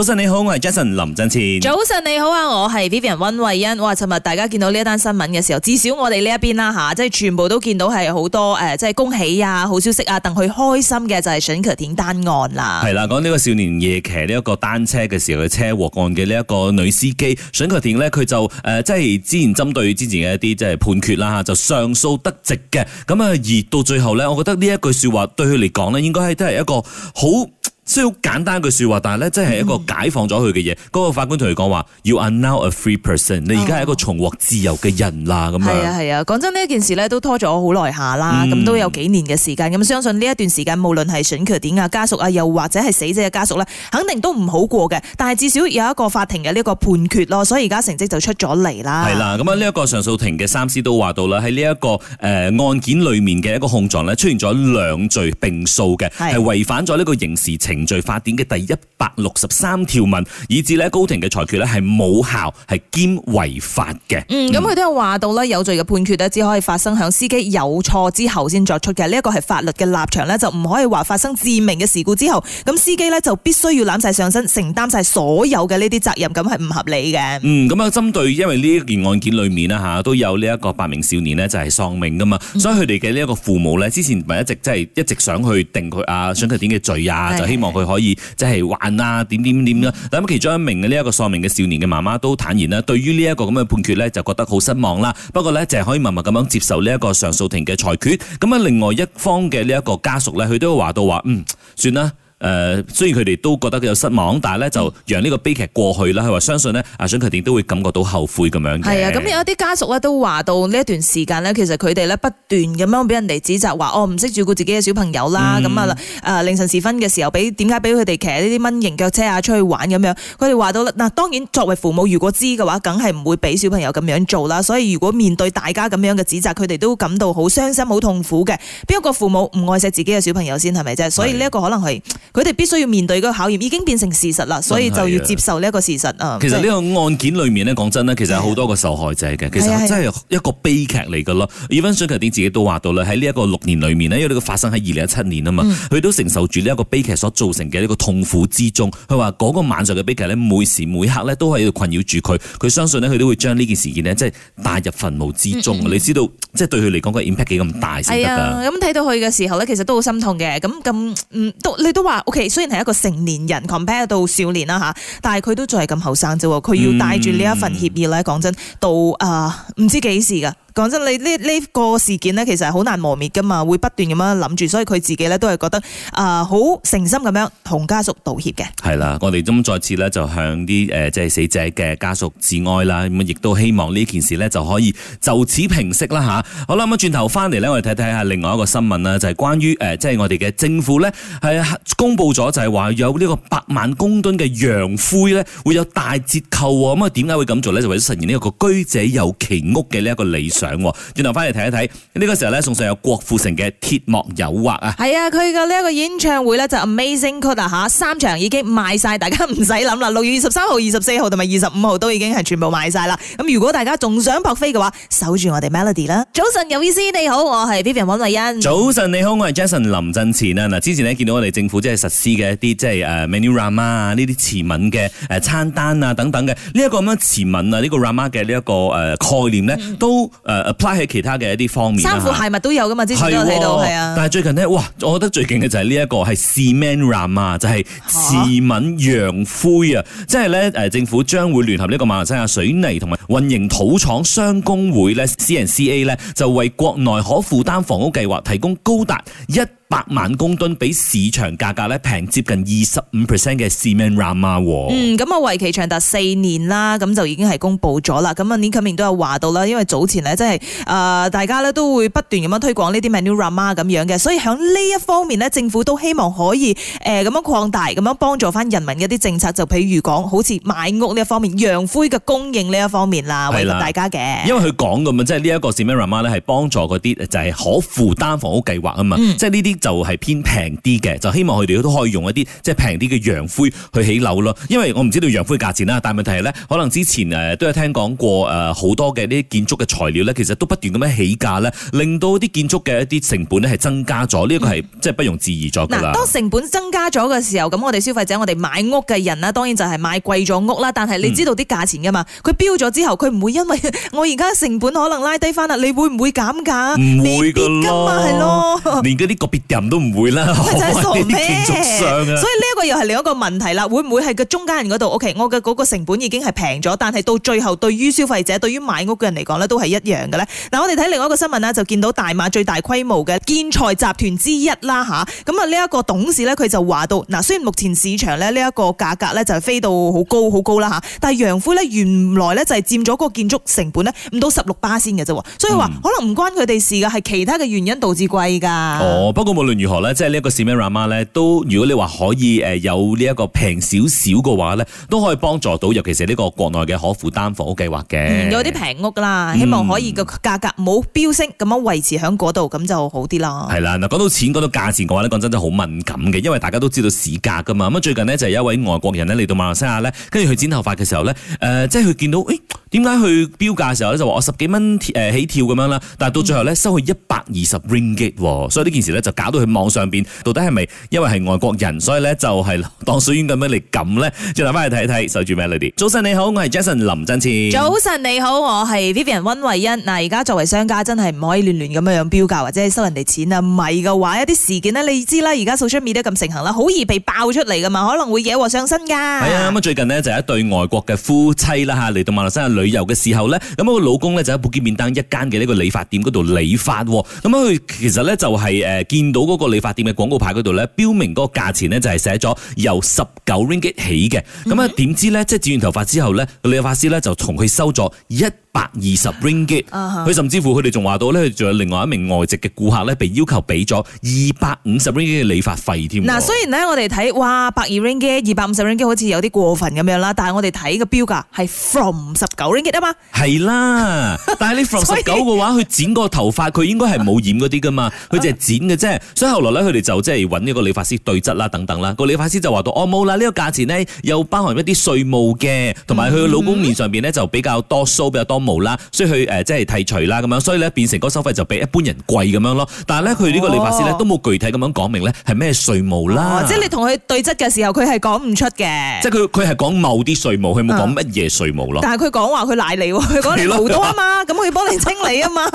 早晨你好，我係 Jason 林振前。早晨你好啊，我係 Vivian 溫慧欣。哇，尋日大家見到呢一單新聞嘅時候，至少我哋呢一邊啦吓，即係全部都見到係好多誒、呃，即係恭喜啊，好消息啊，等佢開心嘅就係沈翠田單案啦。係啦、啊，講呢個少年夜騎呢一個單車嘅時候嘅車禍案嘅呢一個女司機沈翠田咧，佢、嗯、就誒、呃、即係之前針對之前嘅一啲即係判決啦、啊、就上訴得直嘅。咁啊，而到最後呢，我覺得呢一句說話對佢嚟講呢，應該係都係一個好。所以好簡單一句説話，但係咧，即係一個解放咗佢嘅嘢。嗰、嗯、個法官同佢講話：You are now a free person。你而家係一個重獲自由嘅人啦。咁樣係啊，係啊。講、啊、真，呢一件事咧都拖咗好耐下啦。咁、嗯、都有幾年嘅時間。咁相信呢一段時間，無論係殉職點啊、家屬啊，又或者係死者嘅家屬咧，肯定都唔好過嘅。但係至少有一個法庭嘅呢個判決咯，所以而家成績就出咗嚟啦。係啦。咁啊，呢一個上訴庭嘅三司都話到啦，喺呢一個誒案件裡面嘅一個控狀咧，出現咗兩罪並訴嘅，係違反咗呢個刑事程序。刑罪法典嘅第一百六十三條文，以致咧高庭嘅裁決咧係無效，係兼違法嘅。嗯，咁佢都有話到咧，有罪嘅判決咧只可以發生響司機有錯之後先作出嘅。呢一個係法律嘅立場咧，就唔可以話發生致命嘅事故之後，咁司機呢，就必須要攬晒上身，承擔晒所有嘅呢啲責任，咁係唔合理嘅。嗯，咁啊，針對因為呢一件案件裡面啦吓，都有呢一個八名少年呢就係喪命噶嘛，所以佢哋嘅呢一個父母呢，之前咪一直即係、就是、一直想去定佢啊，想佢點嘅罪啊，的就希望。佢可以即係玩啊，點點點啦！咁其中一名嘅呢一個喪命嘅少年嘅媽媽都坦言啦，對於呢一個咁嘅判決咧，就覺得好失望啦。不過咧，就係可以默默咁樣接受呢一個上訴庭嘅裁決。咁啊，另外一方嘅呢一個家屬咧，佢都會話到話，嗯，算啦。誒、呃，雖然佢哋都覺得佢有失望，但係咧就讓呢個悲劇過去啦。佢話、嗯、相信呢，阿孫佢哋都會感覺到後悔咁樣嘅。係啊，咁有一啲家屬咧都話到呢一段時間咧，其實佢哋咧不斷咁樣俾人哋指責，話我唔識照顧自己嘅小朋友啦。咁啊、嗯，誒、呃、凌晨時分嘅時候，俾點解俾佢哋騎呢啲蚊型腳車啊出去玩咁樣？佢哋話到啦，嗱，當然作為父母，如果知嘅話，梗係唔會俾小朋友咁樣做啦。所以如果面對大家咁樣嘅指責，佢哋都感到好傷心、好痛苦嘅。邊一個父母唔愛錫自己嘅小朋友先係咪啫？所以呢一個可能係。佢哋必須要面對嗰個考驗，已經變成事實啦，所以就要接受呢一個事實啊。其實呢個案件裏面呢，講真呢，其實好多個受害者嘅，是的其實真係一個悲劇嚟噶咯。以問上級店自己都話到啦，喺呢一個六年裏面咧，因為佢發生喺二零一七年啊嘛，佢都、嗯、承受住呢一個悲劇所造成嘅呢個痛苦之中。佢話嗰個晚上嘅悲劇咧，每時每刻咧都喺度困擾住佢。佢相信咧，佢都會將呢件事件咧，即係帶入墳墓之中。嗯嗯，你知道，即係對佢嚟講個 impact 幾咁大先得㗎。咁睇到佢嘅時候咧，其實都好心痛嘅。咁咁、嗯，你都話。O.K. 雖然係一個成年人 compare 到少年啦，但係佢都仲係咁後生啫喎，佢要帶住呢一份協議咧，講、嗯、真到啊，唔、呃、知幾時㗎。講真，你呢呢個事件咧，其實係好難磨滅噶嘛，會不斷咁樣諗住，所以佢自己咧都係覺得啊，好、呃、誠心咁樣同家屬道歉嘅。係啦，我哋咁再次咧就向啲誒即係死者嘅家屬致哀啦，咁亦都希望呢件事呢就可以就此平息啦吓，好啦，咁啊轉頭翻嚟呢，我哋睇睇下另外一個新聞啦，就係、是、關於誒即係我哋嘅政府呢，係公布咗就係話有呢個百萬公噸嘅洋灰咧會有大折扣喎。咁啊點解會咁做呢？就為咗實現呢一個居者有其屋嘅呢一個理想。轉頭翻嚟睇一睇呢個時候咧，送上有郭富城嘅《鐵幕誘惑》啊！係啊，佢嘅呢一個演唱會咧就 Amazing 曲啊嚇，三場已經賣曬，大家唔使諗啦。六月二十三號、二十四號同埋二十五號都已經係全部賣曬啦。咁如果大家仲想拍飛嘅話，守住我哋 Melody 啦。早晨，有意思，你好，我係 Vivian 王麗欣。早晨你好，我係 Jason 林振前啦。嗱，之前呢見到我哋政府即係實施嘅一啲即係 menurama 啊，呢啲詞文嘅餐單啊等等嘅呢一個咁樣詞文啊，呢、呢個 rama 嘅呢、呢、一個、呃、概念呢都。嗯誒 apply 喺其他嘅一啲方面，衫褲鞋襪都有噶嘛，之前都有睇到，係啊。啊但係最近呢，哇！我覺得最勁嘅就係呢一個係 Semen Ram 啊，就係市敏洋灰啊，即係咧誒政府將會聯合呢個馬來西亞水泥同埋運營土廠商工會咧，CNCA 咧，就為國內可負擔房屋計劃提供高達一百萬公噸比市場價格咧平接近二十五 percent 嘅 Simen Ramah 嗯，咁啊為期長達四年啦，咁就已經係公布咗啦。咁啊，呢近年都有話到啦，因為早前咧即係啊，大家咧都會不斷咁樣推廣呢啲 Menu Ramah 咁樣嘅，rama，所以喺呢一方面咧，政府都希望可以誒咁、呃、樣擴大，咁樣幫助翻人民嘅啲政策，就譬如講好似買屋呢一方面、洋灰嘅供應呢一方面啦，的為大家嘅。因為佢講㗎嘛，即係呢一個 Simen Ramah 咧係幫助嗰啲就係可負擔房屋計劃啊嘛，嗯、即係呢啲。就係偏平啲嘅，就希望佢哋都可以用一啲即係平啲嘅洋灰去起樓咯。因為我唔知道洋灰嘅價錢啦，但係問題係咧，可能之前都有聽講過好多嘅呢啲建築嘅材料咧，其實都不斷咁樣起價咧，令到啲建築嘅一啲成本咧係增加咗。呢個係即係不容置疑咗嗱、嗯，當成本增加咗嘅時候，咁我哋消費者，我哋買屋嘅人啦，當然就係買貴咗屋啦。但係你知道啲價錢㗎嘛？佢標咗之後，佢唔會因為我而家成本可能拉低翻啦，你會唔會減價？唔會㗎嘛，係咯。連啲個別人都唔會啦，講啲建築上嘅、啊。所以呢一個又係另一個問題啦。會唔會係個中間人嗰度？OK，我嘅嗰個成本已經係平咗，但係到最後對於消費者、對於買屋嘅人嚟講呢都係一樣嘅呢。嗱，我哋睇另外一個新聞呢，就見到大馬最大規模嘅建材集團之一啦吓，咁啊呢一個董事呢，佢就話到嗱，雖然目前市場咧呢一個價格呢，就係飛到好高好高啦吓，但係洋灰呢，原來呢，就係佔咗個建築成本呢，唔到十六巴先嘅啫喎，所以話可能唔關佢哋事㗎，係其他嘅原因導致貴㗎。哦，不無論如何咧，即係呢一個 simran 媽咧，都如果你話可以誒有呢一個平少少嘅話咧，都可以幫助到，尤其是呢個國內嘅可負擔房屋計劃嘅，有啲平屋啦，希望可以個價格冇飆升咁，嗯，樣維持喺嗰度，咁就好啲咯。係啦，嗱，講到錢，講到價錢嘅話咧，講真真係好敏感嘅，因為大家都知道市價噶嘛。咁最近呢，就有一位外國人咧嚟到馬來西亞咧，跟住去剪頭髮嘅時候咧，誒、呃，即係佢見到誒，點解佢標價嘅時候咧就話我十幾蚊誒起跳咁樣啦，但係到最後咧收佢一百二十 ringgit，所以呢件事咧就搞打到去網上邊，到底係咪因為係外國人，所以咧就係當水魚咁樣嚟撳咧？再嚟翻去睇一睇，守住 MELODY 早晨你好，我係 Jason 林振千。早晨你好，我係 Vivian 溫慧欣。嗱，而家作為商家，真係唔可以亂亂咁樣樣標價或者收人哋錢啦。唔係嘅話，一啲事件呢，你知啦，而家 social media 咁盛行啦，好易被爆出嚟噶嘛，可能會惹禍上身㗎。係啊，咁啊最近呢，就一對外國嘅夫妻啦吓，嚟到馬來西亞旅遊嘅時候呢，咁啊個老公呢，就喺武吉免登一間嘅呢個理髮店嗰度理髮喎。咁佢其實呢，就係誒見到。.到嗰個理髮店嘅廣告牌嗰度咧，標明嗰個價錢咧就係寫咗由十九 ringgit 起嘅、mm。咁、hmm. 啊，點知咧，即係剪完頭髮之後咧，理髮師咧就同佢收咗一百二十 ringgit。佢、uh huh. 甚至乎佢哋仲話到咧，仲有另外一名外籍嘅顧客咧，被要求俾咗二百五十 ringgit 嘅理髮費添。嗱，雖然咧我哋睇哇百二 ringgit、二百五十 ringgit 好似有啲過分咁樣啦， 但係我哋睇個標價係 from 十九 ringgit 啊嘛。係啦，但係你 from 十九嘅話，佢 以剪個個頭髮剪嗰個頭髮佢應該係冇染嗰啲噶嘛，佢淨係剪嘅啫。所以後來咧，佢哋就即係揾呢個理髮師對質啦，等等啦。個理髮師就話到：我冇啦，呢、呢個價錢呢，又包含一啲稅務嘅，同埋佢嘅老公面上邊呢就比較多鬚，比較多毛啦，所以佢誒即係剃除啦咁樣。所以咧變成個收費就比一般人貴咁樣咯。但係咧，佢呢個理髮師咧都冇具體咁樣講明咧係咩稅務啦。或者你同佢對質嘅時候，佢係講唔出嘅。即係佢佢係講某啲稅務，佢冇講乜嘢稅務咯、嗯。但係佢講話佢賴你喎，佢講毛多啊嘛，咁佢的幫你清理啊嘛，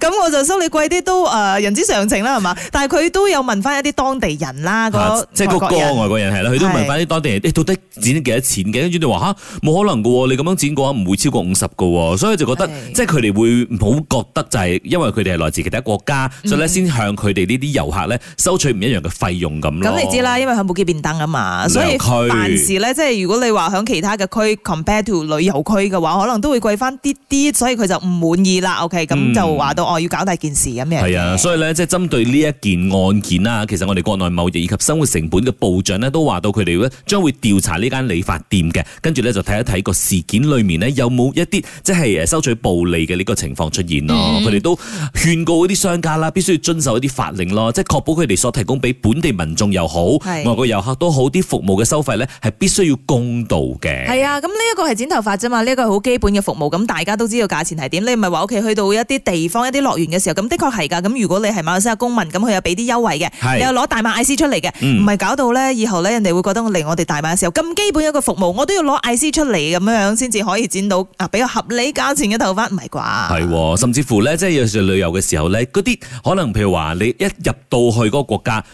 咁 我就收你貴啲都誒、呃、人之常情啦，係嘛？但係。佢都有問翻一啲當地人啦，嗰即係嗰個外國人係啦，佢都問翻啲當地人，欸、到底剪咗幾多錢嘅？跟住就話嚇，冇可能嘅喎，你咁樣剪嘅話唔會超過五十個喎，所以就覺得的即係佢哋會好覺得就係、是、因為佢哋係來自其他國家，嗯、所以先向佢哋呢啲遊客咧收取唔一樣嘅費用咁、嗯、你知啦，因為喺武吉免登啊嘛，所以凡事咧即係如果你話喺其他嘅區，compare to 旅遊區嘅話，可能都會貴翻啲啲，所以佢就唔滿意啦。OK，咁就話到我、嗯哦、要搞大件事咁樣。係啊，所以咧即係針對呢一件。案件啦，其實我哋國內貿易以及生活成本嘅部長咧，都話到佢哋會將會調查呢間理髮店嘅，跟住咧就睇一睇個事件裏面咧有冇一啲即係誒收取暴利嘅呢個情況出現咯。佢哋都勸告嗰啲商家啦，必須要遵守一啲法令咯，即係確保佢哋所提供俾本地民眾又好，外國遊客都好啲服務嘅收費咧，係必須要公道嘅。係啊，咁呢一個係剪頭髮啫嘛，呢一個係好基本嘅服務，咁大家都知道價錢係點。你唔係話屋企去到一啲地方、一啲樂園嘅時候，咁的確係㗎。咁如果你係馬來西亞公民，咁佢有。俾啲優惠嘅，又攞是大馬 IC 出嚟嘅，唔係、嗯、搞到咧，以後咧人哋會覺得我嚟我哋大馬嘅時候，咁基本一個服務，我都要攞 IC 出嚟咁樣樣先至可以剪到啊，比較合理價錢嘅頭髮，唔係啩？係、哦、甚至乎咧，即、就、係、是、有時旅遊嘅時候咧，嗰啲可能譬如話你一入到去嗰個國家。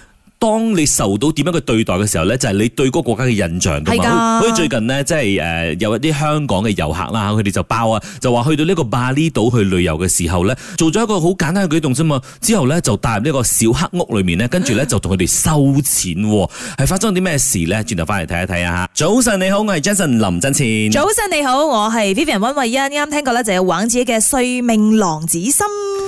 當你受到點樣嘅對待嘅時候呢，就係、是、你對嗰個國家嘅印象。係噶的，所以最近呢，即係誒，有一啲香港嘅遊客啦，佢哋就包啊，就話去到呢個巴厘島去旅遊嘅時候呢，做咗一個好簡單嘅舉動啫嘛，之後呢，就帶入呢個小黑屋裏面呢，跟住呢，就同佢哋收錢喎，係 發生咗啲咩事呢？轉頭翻嚟，睇一睇啊！吓，早晨你好，我係 Jason 林振前。早晨你好，我係 Vivian 溫慧欣，啱聽過呢就係王自己嘅《睡命郎子心》。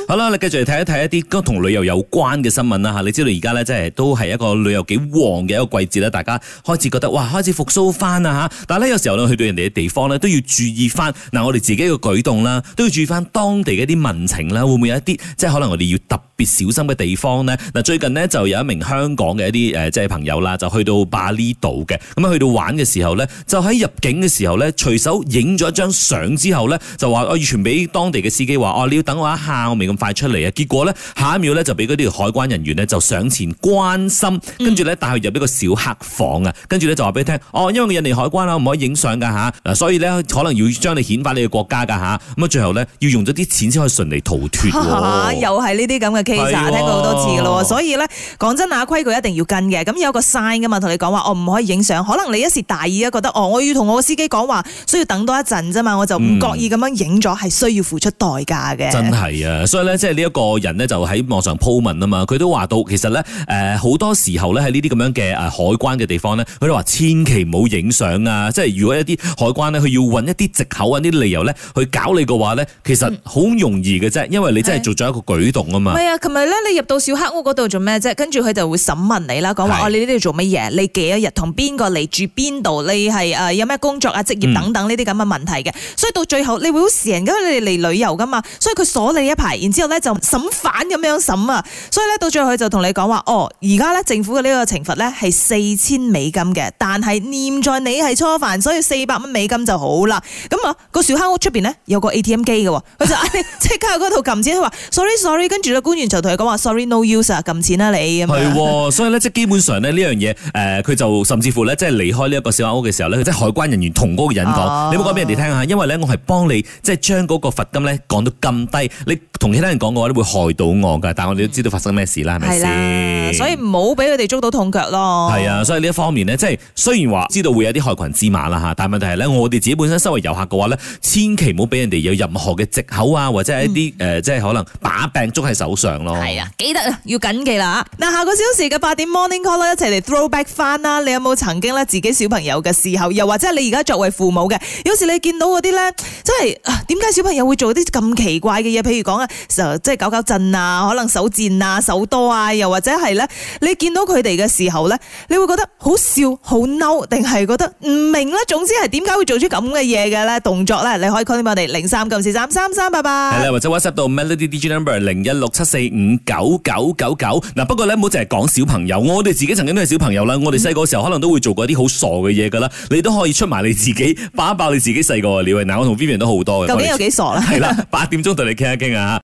好啦，你繼續嚟睇一睇一啲同旅遊有關嘅新聞啦嚇。你知道而家咧，即係都係一個旅遊幾旺嘅一個季節啦。大家開始覺得哇，開始復甦翻啦嚇。但係咧，有時候去到人哋嘅地方咧，都要注意翻嗱，我哋自己嘅舉動啦，都要注意翻當地嘅一啲民情啦。會唔會有一啲誒即係可能我哋要特別小心嘅地方呢？嗱，最近呢，就有一名香港嘅一啲誒即係朋友啦，就去到巴厘島嘅咁去到玩嘅時候呢，就喺入境嘅時候呢，隨手影咗一張相之後呢，就話我要傳俾當地嘅司機話，哦，你要等我一下，我快出嚟啊！結果呢，下一秒呢，就俾嗰啲海關人員呢，就上前關心，跟住呢，帶佢入呢個小黑房啊！跟住呢，就話俾你聽，哦，因為我印尼海關啦，唔可以影相㗎嚇，所以呢，可能要將你遣返你嘅國家㗎嚇，咁啊最後呢，要用咗啲錢先可以順利逃脫。又係呢啲咁嘅 case 啊，啊聽過好多次咯，所以呢，講真啊，規矩一定要跟嘅，咁有一個 sign 㗎嘛，同你講話，我唔可以影相，可能你一時大意啊，覺得哦，我要同我嘅司機講話，需要等多一陣啫嘛，我就唔覺意咁樣影咗，係、嗯、需要付出代價嘅。真係啊，即係呢一個人咧就喺網上 po 文啊嘛，佢都話到其實咧誒好多時候咧喺呢啲咁樣嘅誒海關嘅地方咧，佢都話千祈唔好影相啊！即係如果一啲海關咧，佢要揾一啲藉口啊啲理由咧去搞你嘅話咧，其實好容易嘅啫，因為你真係做咗一個舉動啊嘛。係啊，同埋咧，你入到小黑屋嗰度做咩啫？跟住佢就會審問你啦，講話哦，你呢度做乜嘢？你幾多日同邊個嚟住邊度？你係誒有咩工作啊、職業等等呢啲咁嘅問題嘅。的所以到最後你會好成嘅，你嚟旅遊㗎嘛，所以佢鎖你一排，之後咧就審反咁樣審啊，所以咧到最後佢就同你講話，哦而家咧政府嘅呢個懲罰咧係四千美金嘅，但係念在你係初犯，所以四百蚊美金就好啦。咁、那、啊個小黑屋出面咧有個 ATM 機嘅，佢就即刻嗰度撳錢，佢話 sorry, sorry sorry，跟住個官員就同佢講話 sorry no use 啊，撳錢啦你係喎， 所以咧即基本上咧呢樣嘢，佢、呃、就甚至乎咧即係離開呢一個小黑屋嘅時候咧，即係海關人員同嗰個人講，啊、你唔好講俾人哋聽啊，因為咧我係幫你即係將嗰個罰金咧講到咁低，你同聽人講嘅話咧會害到我嘅，但係我哋都知道發生咩事啦，係咪先？所以唔好俾佢哋捉到痛腳咯。係啊，所以呢一方面咧，即係雖然話知道會有啲害群之馬啦吓，但係問題係咧，我哋自己本身身為遊客嘅話咧，千祈唔好俾人哋有任何嘅藉口啊，或者係一啲、嗯呃、即係可能把柄捉喺手上咯。係啊，記得記啊，要緊記啦，嗱，下個小時嘅八點 Morning Call，一齊嚟 Throwback 翻啦！你有冇曾經咧自己小朋友嘅時候，又或者你而家作為父母嘅，有時你見到嗰啲咧，真係點解小朋友會做啲咁奇怪嘅嘢？譬如講啊～就即係搞搞震啊，可能手賤啊、手多啊，又或者係咧，你見到佢哋嘅時候咧，你會覺得好笑、好嬲，定係覺得唔明咧？總之係點解會做出咁嘅嘢嘅咧？動作咧，你可以 call 我哋零三九四三三三八八。係啦，或者 WhatsApp 到 Melody DJ Number 零一六七四五九九九九。嗱，不過咧唔好淨係講小朋友，我哋自己曾經都係小朋友啦。我哋細個嘅時候可能都會做過啲好傻嘅嘢噶啦，嗯、你都可以出埋你自己，把爆,爆你自己細個嘅料。嗱，我同 Vivian 都好多嘅。究竟有幾傻咧？係啦了，八點鐘同你傾一傾啊！